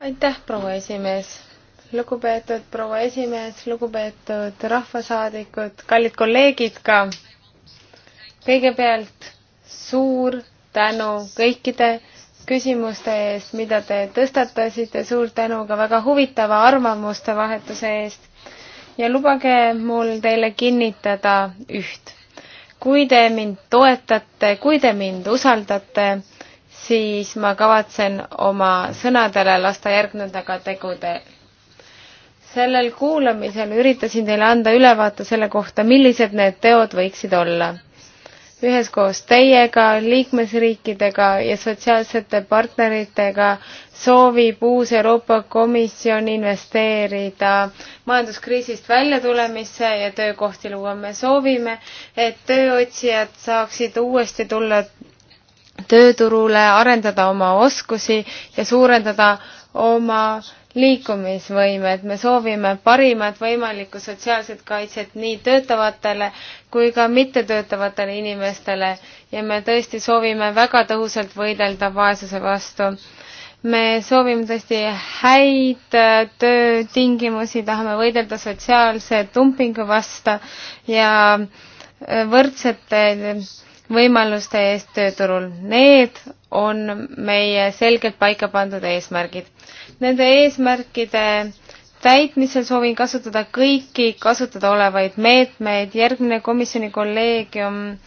aitäh, proua esimees. lugupeetud proua esimees, lugupeetud rahvasaadikud, kallid kolleegid ka. kõigepealt suur tänu kõikide küsimuste eest, mida te tõstatasite, suur tänu ka väga huvitava arvamuste vahetuse eest. ja lubage mul teile kinnitada üht. kui te mind toetate, kui te mind usaldate, siis ma kavatsen oma sõnadele lasta järgneda ka tegudel. sellel kuulamisel üritasin teile anda ülevaate selle kohta, millised need teod võiksid olla. üheskoos teiega, liikmesriikidega ja sotsiaalsete partneritega soovib uus Euroopa Komisjon investeerida majanduskriisist väljatulemisse ja töökohti luua. me soovime, et tööotsijad saaksid uuesti tulla tööturule, arendada oma oskusi ja suurendada oma liikumisvõimet. me soovime parimat võimalikku sotsiaalset kaitset nii töötavatele kui ka mittetöötavatele inimestele ja me tõesti soovime väga tõhusalt võidelda vaesuse vastu. me soovime tõesti häid äh, töötingimusi, tahame võidelda sotsiaalse dumpingu vastu ja äh, võrdsete võimaluste eest tööturul. Need on meie selgelt paika pandud eesmärgid. Nende eesmärkide täitmisel soovin kasutada kõiki kasutada olevaid meetmeid. järgmine komisjoni kolleegium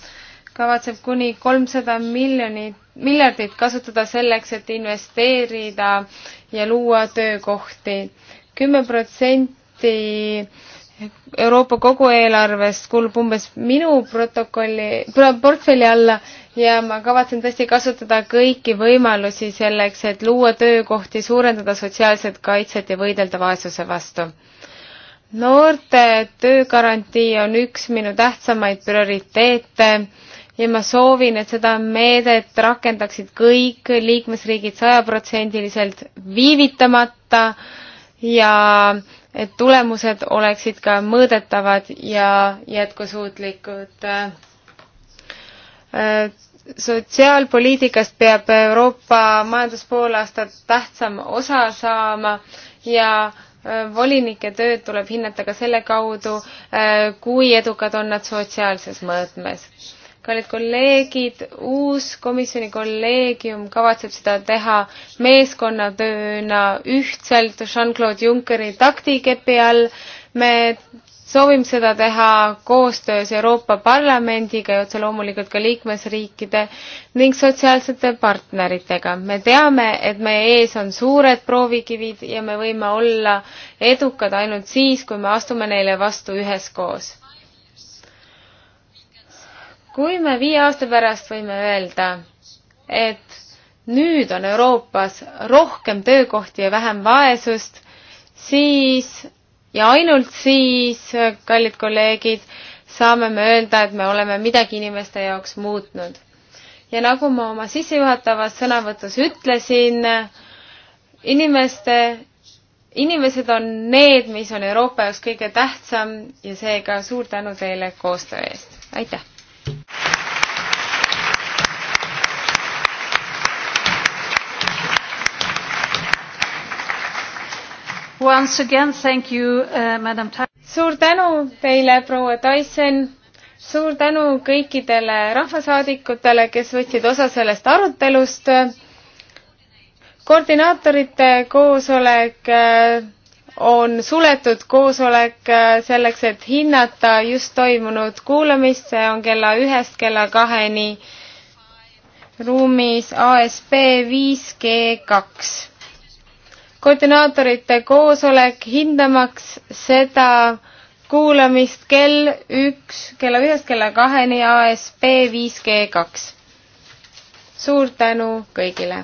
kavatseb kuni kolmsada miljonit, miljardit kasutada selleks, et investeerida ja luua töökohti. kümme protsenti Euroopa kogu eelarvest kuulub umbes minu protokolli, portfelli alla ja ma kavatsen tõesti kasutada kõiki võimalusi selleks, et luua töökohti, suurendada sotsiaalset kaitset ja võidelda vaesuse vastu. noorte töögarantii on üks minu tähtsamaid prioriteete ja ma soovin, et seda meedet rakendaksid kõik liikmesriigid sajaprotsendiliselt viivitamata ja et tulemused oleksid ka mõõdetavad ja jätkusuutlikud. Äh, sotsiaalpoliitikast peab Euroopa majandus pool aastat tähtsam osa saama ja äh, volinike tööd tuleb hinnata ka selle kaudu, äh, kui edukad on nad sotsiaalses mõõtmes kallid kolleegid, uus komisjoni kolleegium kavatseb seda teha meeskonnatööna ühtselt Jean-Claude Junckeri taktikepi all. me soovime seda teha koostöös Euroopa Parlamendiga ja otse loomulikult ka liikmesriikide ning sotsiaalsete partneritega. me teame, et meie ees on suured proovikivid ja me võime olla edukad ainult siis, kui me astume neile vastu üheskoos kui me viie aasta pärast võime öelda, et nüüd on Euroopas rohkem töökohti ja vähem vaesust, siis ja ainult siis, kallid kolleegid, saame me öelda, et me oleme midagi inimeste jaoks muutnud. ja nagu ma oma sissejuhatavas sõnavõtus ütlesin, inimeste, inimesed on need, mis on Euroopa jaoks kõige tähtsam ja seega suur tänu teile koostöö eest, aitäh! Once again, thank you uh,, madam. suur tänu teile, proua Tyson. suur tänu kõikidele rahvasaadikutele, kes võtsid osa sellest arutelust. koordinaatorite koosolek äh, on suletud koosolek äh, selleks, et hinnata just toimunud kuulamist, see on kella ühest kella kaheni ruumis ASP 5G2 koordinaatorite koosolek hindamaks seda kuulamist kell üks, kella ühest kella kaheni ASB 5G2. suur tänu kõigile!